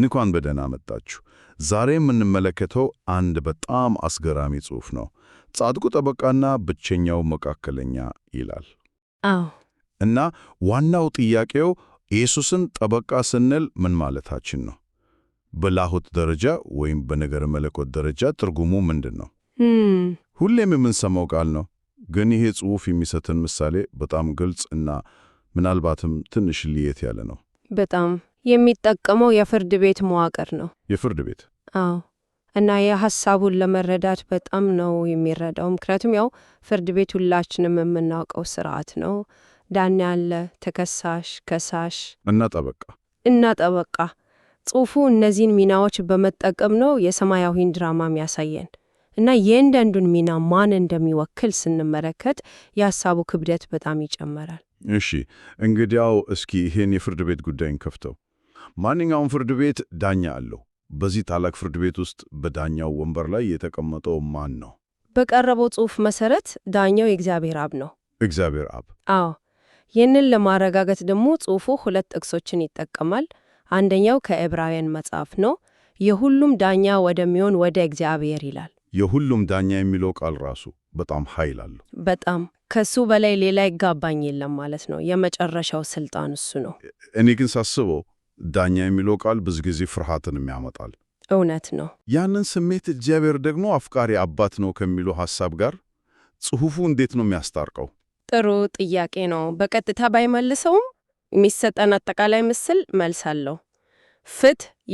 እንኳን በደህና መጣችሁ። ዛሬ የምንመለከተው አንድ በጣም አስገራሚ ጽሑፍ ነው። ጻድቁ ጠበቃና ብቸኛው መካከለኛ ይላል። አዎ። እና ዋናው ጥያቄው ኢየሱስን ጠበቃ ስንል ምን ማለታችን ነው? በላሁት ደረጃ ወይም በነገረ መለኮት ደረጃ ትርጉሙ ምንድን ነው? ሁሌም የምንሰማው ቃል ነው፣ ግን ይሄ ጽሑፍ የሚሰጥን ምሳሌ በጣም ግልጽ እና ምናልባትም ትንሽ ልየት ያለ ነው። በጣም የሚጠቀመው የፍርድ ቤት መዋቅር ነው። የፍርድ ቤት አዎ። እና የሀሳቡን ለመረዳት በጣም ነው የሚረዳው። ምክንያቱም ያው ፍርድ ቤት ሁላችንም የምናውቀው ስርዓት ነው። ዳኛ ያለ፣ ተከሳሽ፣ ከሳሽ እና ጠበቃ እና ጠበቃ። ጽሁፉ እነዚህን ሚናዎች በመጠቀም ነው የሰማያዊን ድራማ የሚያሳየን እና የእያንዳንዱን ሚና ማን እንደሚወክል ስንመለከት የሀሳቡ ክብደት በጣም ይጨመራል። እሺ እንግዲያው እስኪ ይሄን የፍርድ ቤት ጉዳይን ከፍተው ማንኛውም ፍርድ ቤት ዳኛ አለው። በዚህ ታላቅ ፍርድ ቤት ውስጥ በዳኛው ወንበር ላይ የተቀመጠው ማን ነው? በቀረበው ጽሑፍ መሰረት ዳኛው የእግዚአብሔር አብ ነው። እግዚአብሔር አብ። አዎ። ይህንን ለማረጋገጥ ደግሞ ጽሑፉ ሁለት ጥቅሶችን ይጠቀማል። አንደኛው ከዕብራውያን መጽሐፍ ነው። የሁሉም ዳኛ ወደሚሆን ወደ እግዚአብሔር ይላል። የሁሉም ዳኛ የሚለው ቃል ራሱ በጣም ኃይል አለው። በጣም ከሱ በላይ ሌላ ይጋባኝ የለም ማለት ነው። የመጨረሻው ስልጣን እሱ ነው። እኔ ግን ሳስበው ዳኛ የሚለው ቃል ብዙ ጊዜ ፍርሃትንም ያመጣል። እውነት ነው። ያንን ስሜት እግዚአብሔር ደግሞ አፍቃሪ አባት ነው ከሚለው ሐሳብ ጋር ጽሑፉ እንዴት ነው የሚያስታርቀው? ጥሩ ጥያቄ ነው። በቀጥታ ባይመልሰውም የሚሰጠን አጠቃላይ ምስል መልስ አለው።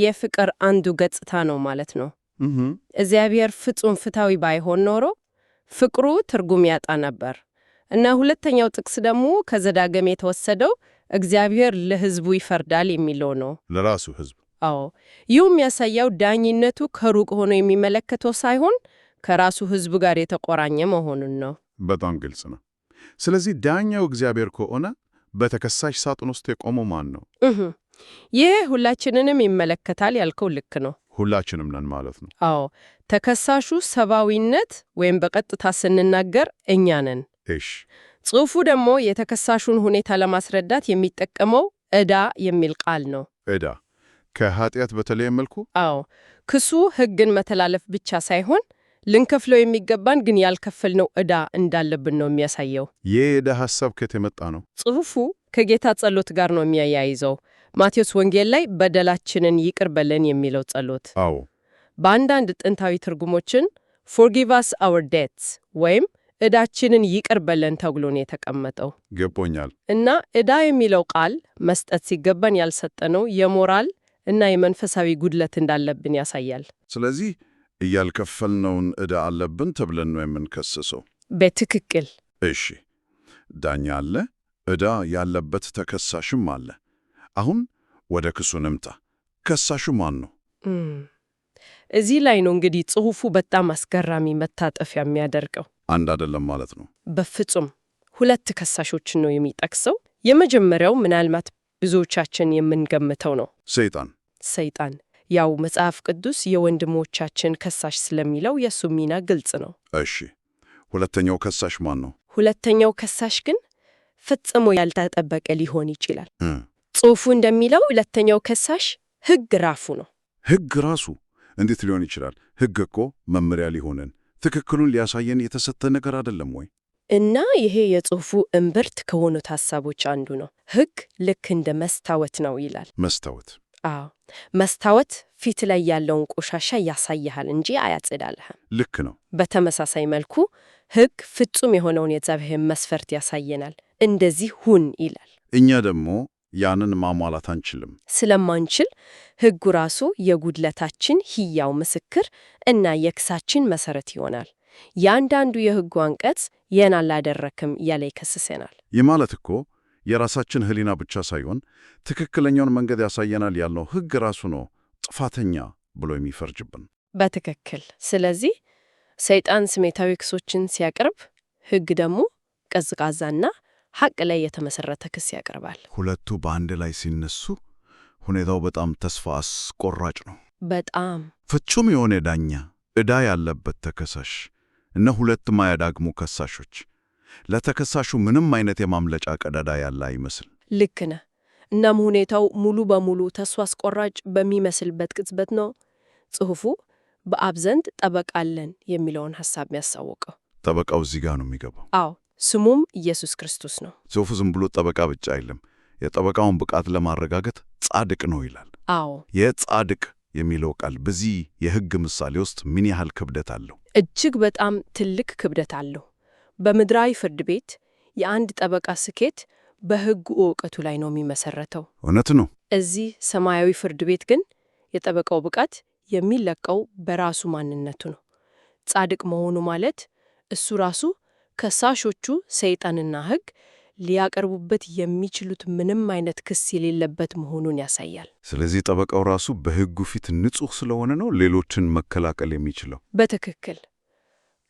የፍቅር አንዱ ገጽታ ነው ማለት ነው። እግዚአብሔር ፍጹም ፍትሐዊ ባይሆን ኖሮ ፍቅሩ ትርጉም ያጣ ነበር እና ሁለተኛው ጥቅስ ደግሞ ከዘዳግም የተወሰደው እግዚአብሔር ለሕዝቡ ይፈርዳል የሚለው ነው። ለራሱ ሕዝብ። አዎ፣ ይህ የሚያሳየው ዳኝነቱ ከሩቅ ሆኖ የሚመለከተው ሳይሆን ከራሱ ሕዝብ ጋር የተቆራኘ መሆኑን ነው። በጣም ግልጽ ነው። ስለዚህ ዳኛው እግዚአብሔር ከሆነ በተከሳሽ ሳጥን ውስጥ የቆመው ማን ነው? ይህ ሁላችንንም ይመለከታል ያልከው ልክ ነው። ሁላችንም ነን ማለት ነው። አዎ ተከሳሹ ሰብአዊነት ወይም በቀጥታ ስንናገር እኛ ነን። እሽ። ጽሑፉ ደግሞ የተከሳሹን ሁኔታ ለማስረዳት የሚጠቀመው ዕዳ የሚል ቃል ነው። ዕዳ ከኃጢአት በተለየ መልኩ? አዎ፣ ክሱ ሕግን መተላለፍ ብቻ ሳይሆን ልንከፍለው የሚገባን ግን ያልከፈልነው ዕዳ እንዳለብን ነው የሚያሳየው። ይህ ዕዳ ሐሳብ ከየት የመጣ ነው? ጽሑፉ ከጌታ ጸሎት ጋር ነው የሚያያይዘው። ማቴዎስ ወንጌል ላይ በደላችንን ይቅር በለን የሚለው ጸሎት። አዎ፣ በአንዳንድ ጥንታዊ ትርጉሞችን ፎርጊቫስ አወር ዴትስ ወይም ዕዳችንን ይቅር በለን ተብሎ ነው የተቀመጠው። ገቦኛል እና ዕዳ የሚለው ቃል መስጠት ሲገባን ያልሰጠነው የሞራል እና የመንፈሳዊ ጉድለት እንዳለብን ያሳያል። ስለዚህ እያልከፈልነውን ዕዳ አለብን ተብለን ነው የምንከሰሰው። በትክክል እሺ። ዳኛ አለ፣ ዕዳ ያለበት ተከሳሽም አለ። አሁን ወደ ክሱ ንምጣ። ከሳሹ ማን ነው? እዚህ ላይ ነው እንግዲህ ጽሑፉ በጣም አስገራሚ መታጠፊያ የሚያደርገው። አንድ አይደለም ማለት ነው። በፍጹም ሁለት ከሳሾችን ነው የሚጠቅሰው። የመጀመሪያው ምናልባት ብዙዎቻችን የምንገምተው ነው፣ ሰይጣን ሰይጣን። ያው መጽሐፍ ቅዱስ የወንድሞቻችን ከሳሽ ስለሚለው የእሱ ሚና ግልጽ ነው። እሺ፣ ሁለተኛው ከሳሽ ማን ነው? ሁለተኛው ከሳሽ ግን ፈጽሞ ያልተጠበቀ ሊሆን ይችላል። ጽሑፉ እንደሚለው ሁለተኛው ከሳሽ ሕግ ራፉ ነው። ሕግ ራሱ እንዴት ሊሆን ይችላል? ሕግ እኮ መመሪያ ሊሆንን ትክክሉን ሊያሳየን የተሰጠ ነገር አይደለም ወይ? እና ይሄ የጽሑፉ እምብርት ከሆኑት ሀሳቦች አንዱ ነው። ሕግ ልክ እንደ መስታወት ነው ይላል። መስታወት? አዎ፣ መስታወት ፊት ላይ ያለውን ቆሻሻ ያሳይሃል እንጂ አያጽዳልህም። ልክ ነው። በተመሳሳይ መልኩ ሕግ ፍጹም የሆነውን የእግዚአብሔር መስፈርት ያሳየናል። እንደዚህ ሁን ይላል። እኛ ደግሞ ያንን ማሟላት አንችልም። ስለማንችል ሕጉ ራሱ የጉድለታችን ሕያው ምስክር እና የክሳችን መሰረት ይሆናል። የአንዳንዱ የሕጉ አንቀጽ ይህን አላደረክም እያለ ይከስሰናል። ይህ ማለት እኮ የራሳችን ሕሊና ብቻ ሳይሆን ትክክለኛውን መንገድ ያሳየናል ያልነው ሕግ ራሱ ነው ጥፋተኛ ብሎ የሚፈርጅብን። በትክክል ስለዚህ ሰይጣን ስሜታዊ ክሶችን ሲያቀርብ ሕግ ደግሞ ቀዝቃዛና ሐቅ ላይ የተመሰረተ ክስ ያቀርባል። ሁለቱ በአንድ ላይ ሲነሱ ሁኔታው በጣም ተስፋ አስቆራጭ ነው። በጣም ፍጹም የሆነ ዳኛ፣ ዕዳ ያለበት ተከሳሽ እና ሁለት ማያዳግሙ ከሳሾች። ለተከሳሹ ምንም አይነት የማምለጫ ቀዳዳ ያለ አይመስል። ልክ ነህ። እናም ሁኔታው ሙሉ በሙሉ ተስፋ አስቆራጭ በሚመስልበት ቅጽበት ነው ጽሑፉ በአብ ዘንድ ጠበቃ አለን የሚለውን ሐሳብ የሚያሳውቀው። ጠበቃው እዚህ ጋር ነው የሚገባው። አዎ ስሙም ኢየሱስ ክርስቶስ ነው። ጽሑፉ ዝም ብሎ ጠበቃ ብቻ አይለም። የጠበቃውን ብቃት ለማረጋገጥ ጻድቅ ነው ይላል። አዎ የጻድቅ የሚለው ቃል በዚህ የሕግ ምሳሌ ውስጥ ምን ያህል ክብደት አለው? እጅግ በጣም ትልቅ ክብደት አለው። በምድራዊ ፍርድ ቤት የአንድ ጠበቃ ስኬት በሕጉ እውቀቱ ላይ ነው የሚመሰረተው። እውነት ነው። እዚህ ሰማያዊ ፍርድ ቤት ግን የጠበቃው ብቃት የሚለቀው በራሱ ማንነቱ ነው። ጻድቅ መሆኑ ማለት እሱ ራሱ ከሳሾቹ ሰይጣንና ሕግ ሊያቀርቡበት የሚችሉት ምንም አይነት ክስ የሌለበት መሆኑን ያሳያል። ስለዚህ ጠበቃው ራሱ በሕጉ ፊት ንጹሕ ስለሆነ ነው ሌሎችን መከላከል የሚችለው። በትክክል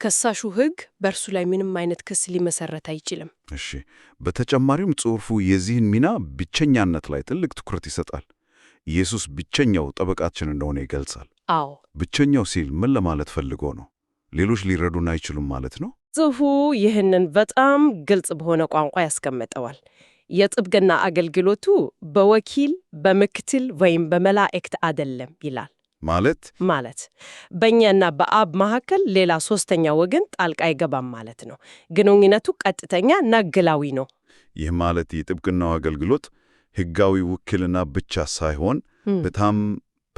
ከሳሹ ሕግ በእርሱ ላይ ምንም አይነት ክስ ሊመሰረት አይችልም። እሺ። በተጨማሪም ጽሑፉ የዚህን ሚና ብቸኛነት ላይ ትልቅ ትኩረት ይሰጣል። ኢየሱስ ብቸኛው ጠበቃችን እንደሆነ ይገልጻል። አዎ፣ ብቸኛው ሲል ምን ለማለት ፈልጎ ነው? ሌሎች ሊረዱን አይችሉም ማለት ነው? ጽሁ ይህንን በጣም ግልጽ በሆነ ቋንቋ ያስቀምጠዋል። የጥብቅና አገልግሎቱ በወኪል በምክትል ወይም በመላእክት አይደለም ይላል። ማለት ማለት በእኛና በአብ መካከል ሌላ ሶስተኛ ወገን ጣልቃ አይገባም ማለት ነው። ግንኙነቱ ቀጥተኛ እና ግላዊ ነው። ይህ ማለት የጥብቅናው አገልግሎት ህጋዊ ውክልና ብቻ ሳይሆን በጣም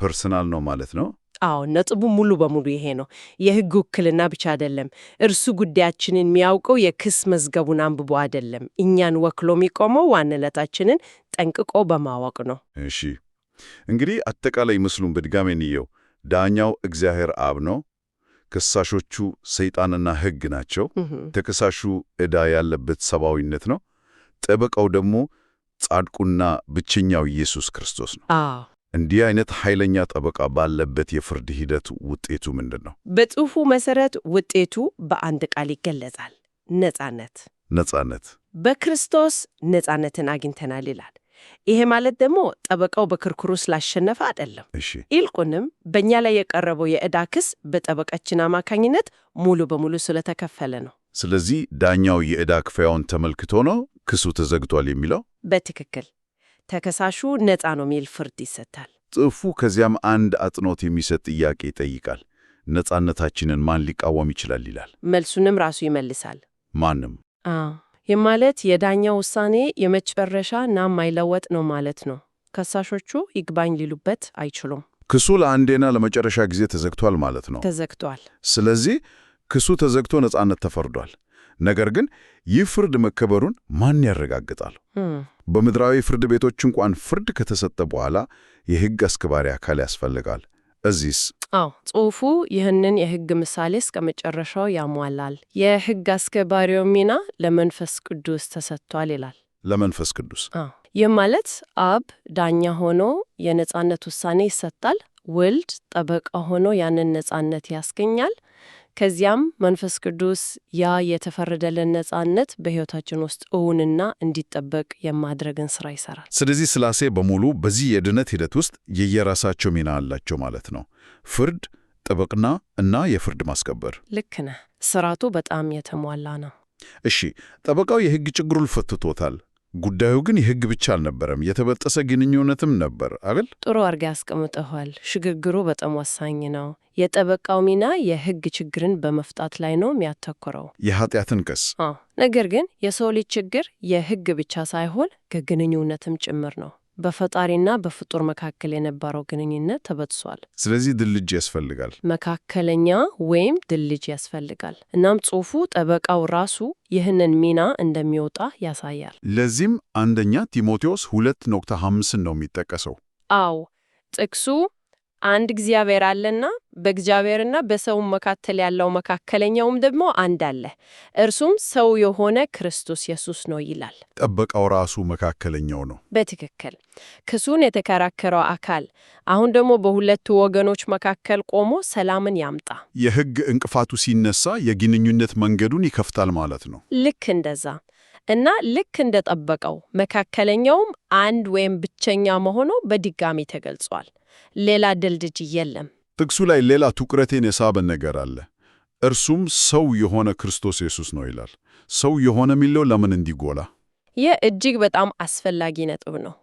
ፐርሰናል ነው ማለት ነው። አዎ ነጥቡ ሙሉ በሙሉ ይሄ ነው። የህግ ውክልና ብቻ አይደለም። እርሱ ጉዳያችንን የሚያውቀው የክስ መዝገቡን አንብቦ አይደለም። እኛን ወክሎ የሚቆመው ዋንነታችንን ጠንቅቆ በማወቅ ነው። እሺ እንግዲህ አጠቃላይ ምስሉን በድጋሜ እንየው። ዳኛው እግዚአብሔር አብ ነው። ከሳሾቹ ሰይጣንና ህግ ናቸው። ተከሳሹ ዕዳ ያለበት ሰብአዊነት ነው። ጠበቃው ደግሞ ጻድቁና ብቸኛው ኢየሱስ ክርስቶስ ነው። እንዲህ አይነት ኃይለኛ ጠበቃ ባለበት የፍርድ ሂደት ውጤቱ ምንድን ነው? በጽሑፉ መሰረት ውጤቱ በአንድ ቃል ይገለጻል፣ ነጻነት። ነጻነት በክርስቶስ ነጻነትን አግኝተናል ይላል። ይሄ ማለት ደግሞ ጠበቃው በክርክሩ ስላሸነፈ አይደለም። እሺ፣ ይልቁንም በእኛ ላይ የቀረበው የዕዳ ክስ በጠበቃችን አማካኝነት ሙሉ በሙሉ ስለተከፈለ ነው። ስለዚህ ዳኛው የዕዳ ክፍያውን ተመልክቶ ነው ክሱ ተዘግቷል የሚለው። በትክክል ተከሳሹ ነፃ ነው የሚል ፍርድ ይሰጣል። ጽሑፉ ከዚያም አንድ አጽንኦት የሚሰጥ ጥያቄ ይጠይቃል። ነፃነታችንን ማን ሊቃወም ይችላል ይላል። መልሱንም ራሱ ይመልሳል። ማንም። ይህ ማለት የዳኛው ውሳኔ የመጨረሻ እና የማይለወጥ ነው ማለት ነው። ከሳሾቹ ይግባኝ ሊሉበት አይችሉም። ክሱ ለአንዴና ለመጨረሻ ጊዜ ተዘግቷል ማለት ነው። ተዘግቷል። ስለዚህ ክሱ ተዘግቶ ነፃነት ተፈርዷል። ነገር ግን ይህ ፍርድ መከበሩን ማን ያረጋግጣል? በምድራዊ ፍርድ ቤቶች እንኳን ፍርድ ከተሰጠ በኋላ የህግ አስከባሪ አካል ያስፈልጋል። እዚህስ? አዎ፣ ጽሁፉ ይህንን የህግ ምሳሌ እስከ መጨረሻው ያሟላል። የህግ አስከባሪው ሚና ለመንፈስ ቅዱስ ተሰጥቷል ይላል። ለመንፈስ ቅዱስ? አዎ። ይህ ማለት አብ ዳኛ ሆኖ የነጻነት ውሳኔ ይሰጣል። ወልድ ጠበቃ ሆኖ ያንን ነጻነት ያስገኛል። ከዚያም መንፈስ ቅዱስ ያ የተፈረደልን ነጻነት በሕይወታችን ውስጥ እውንና እንዲጠበቅ የማድረግን ስራ ይሰራል። ስለዚህ ስላሴ በሙሉ በዚህ የድነት ሂደት ውስጥ የየራሳቸው ሚና አላቸው ማለት ነው። ፍርድ፣ ጥበቅና እና የፍርድ ማስከበር። ልክ ነህ። ስርዓቱ በጣም የተሟላ ነው። እሺ፣ ጠበቃው የሕግ ችግሩን ፈትቶታል። ጉዳዩ ግን የህግ ብቻ አልነበረም፣ የተበጠሰ ግንኙነትም ነበር አገል ጥሩ አርጋ ያስቀምጠኋል። ሽግግሩ በጣም ወሳኝ ነው። የጠበቃው ሚና የህግ ችግርን በመፍታት ላይ ነው የሚያተኩረው፣ የኃጢአትን ክስ። ነገር ግን የሰው ልጅ ችግር የህግ ብቻ ሳይሆን ከግንኙነትም ጭምር ነው። በፈጣሪና በፍጡር መካከል የነበረው ግንኙነት ተበጥሷል። ስለዚህ ድልድይ ያስፈልጋል፣ መካከለኛ ወይም ድልድይ ያስፈልጋል። እናም ጽሑፉ ጠበቃው ራሱ ይህንን ሚና እንደሚወጣ ያሳያል። ለዚህም አንደኛ ጢሞቴዎስ 2:5 ነው የሚጠቀሰው። አዎ ጥቅሱ አንድ እግዚአብሔር አለና በእግዚአብሔርና በሰው መካከል ያለው መካከለኛውም ደግሞ አንድ አለ፣ እርሱም ሰው የሆነ ክርስቶስ ኢየሱስ ነው ይላል። ጠበቃው ራሱ መካከለኛው ነው። በትክክል ክሱን የተከራከረው አካል አሁን ደግሞ በሁለቱ ወገኖች መካከል ቆሞ ሰላምን ያምጣ። የሕግ እንቅፋቱ ሲነሳ የግንኙነት መንገዱን ይከፍታል ማለት ነው። ልክ እንደዛ እና ልክ እንደ ጠበቀው መካከለኛውም አንድ ወይም ብቸኛ መሆኑ በድጋሚ ተገልጿል። ሌላ ድልድይ የለም። ጥቅሱ ላይ ሌላ ትኩረቴን የሳበን ነገር አለ። እርሱም ሰው የሆነ ክርስቶስ ኢየሱስ ነው ይላል። ሰው የሆነ የሚለው ለምን እንዲጎላ? ይህ እጅግ በጣም አስፈላጊ ነጥብ ነው።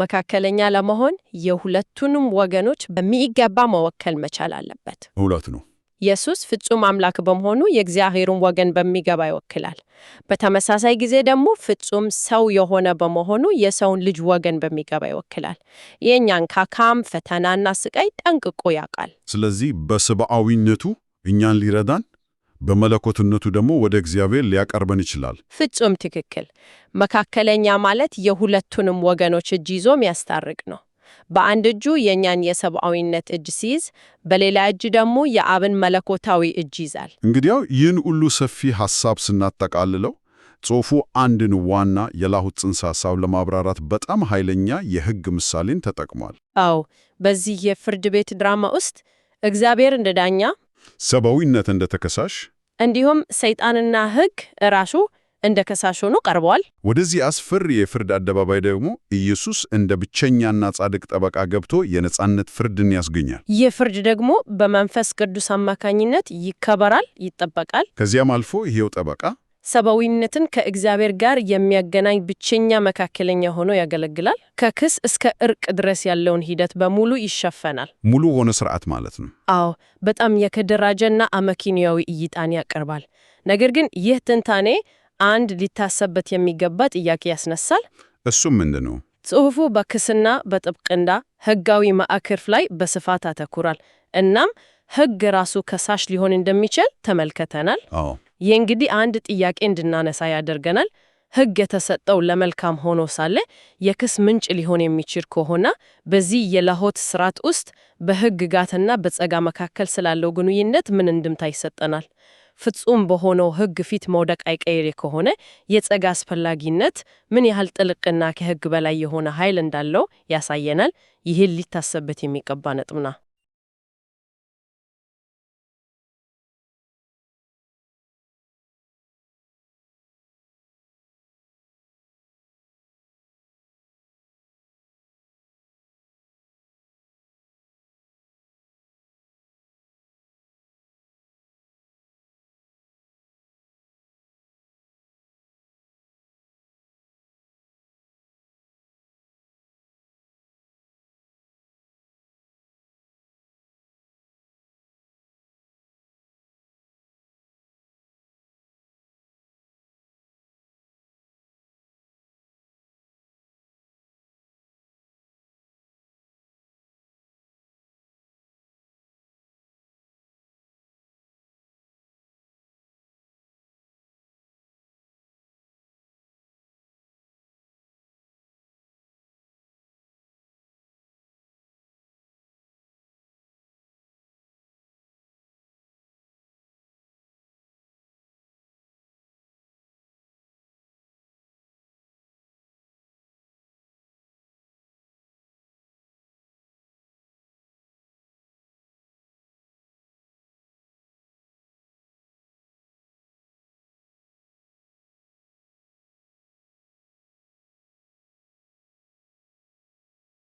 መካከለኛ ለመሆን የሁለቱንም ወገኖች በሚገባ መወከል መቻል አለበት። እውነት ነው። ኢየሱስ ፍጹም አምላክ በመሆኑ የእግዚአብሔርን ወገን በሚገባ ይወክላል። በተመሳሳይ ጊዜ ደግሞ ፍጹም ሰው የሆነ በመሆኑ የሰውን ልጅ ወገን በሚገባ ይወክላል። የእኛን ካካም ፈተናና ስቃይ ጠንቅቆ ያውቃል። ስለዚህ በሰብአዊነቱ እኛን ሊረዳን በመለኮትነቱ ደግሞ ወደ እግዚአብሔር ሊያቀርበን ይችላል። ፍጹም ትክክል። መካከለኛ ማለት የሁለቱንም ወገኖች እጅ ይዞ የሚያስታርቅ ነው። በአንድ እጁ የእኛን የሰብአዊነት እጅ ሲይዝ፣ በሌላ እጅ ደግሞ የአብን መለኮታዊ እጅ ይዛል። እንግዲያው ይህን ሁሉ ሰፊ ሐሳብ ስናጠቃልለው ጽሑፉ አንድን ዋና የላሁት ጽንሰ ሐሳብ ለማብራራት በጣም ኃይለኛ የሕግ ምሳሌን ተጠቅሟል። አዎ፣ በዚህ የፍርድ ቤት ድራማ ውስጥ እግዚአብሔር እንደ ዳኛ፣ ሰብአዊነት እንደ ተከሳሽ እንዲሁም ሰይጣንና ሕግ ራሱ እንደ ከሳሽ ሆኖ ቀርበዋል። ወደዚህ አስፈሪ የፍርድ አደባባይ ደግሞ ኢየሱስ እንደ ብቸኛና ጻድቅ ጠበቃ ገብቶ የነጻነት ፍርድን ያስገኛል። ይህ ፍርድ ደግሞ በመንፈስ ቅዱስ አማካኝነት ይከበራል፣ ይጠበቃል። ከዚያም አልፎ ይሄው ጠበቃ ሰብአዊነትን ከእግዚአብሔር ጋር የሚያገናኝ ብቸኛ መካከለኛ ሆኖ ያገለግላል። ከክስ እስከ እርቅ ድረስ ያለውን ሂደት በሙሉ ይሸፈናል። ሙሉ ሆነ ስርዓት ማለት ነው። አዎ፣ በጣም የተደራጀና አመክንዮአዊ እይታን ያቀርባል። ነገር ግን ይህ ትንታኔ አንድ ሊታሰብበት የሚገባ ጥያቄ ያስነሳል። እሱም ምንድን ነው? ጽሑፉ በክስና በጥብቅና ሕጋዊ ማዕቀፍ ላይ በስፋት አተኩራል። እናም ሕግ ራሱ ከሳሽ ሊሆን እንደሚችል ተመልክተናል። ይህ እንግዲህ አንድ ጥያቄ እንድናነሳ ያደርገናል። ሕግ የተሰጠው ለመልካም ሆኖ ሳለ የክስ ምንጭ ሊሆን የሚችል ከሆነ በዚህ የላሆት ስርዓት ውስጥ ጋትና በጸጋ መካከል ስላለው ግንኙነት ምን እንድምታ ይሰጠናል? ፍጹም በሆነው ሕግ ፊት መውደቅ አይቀይሬ ከሆነ የጸጋ አስፈላጊነት ምን ያህል ጥልቅና ከሕግ በላይ የሆነ ኃይል እንዳለው ያሳየናል። ይህን ሊታሰብበት የሚገባ ነጥብ ነው።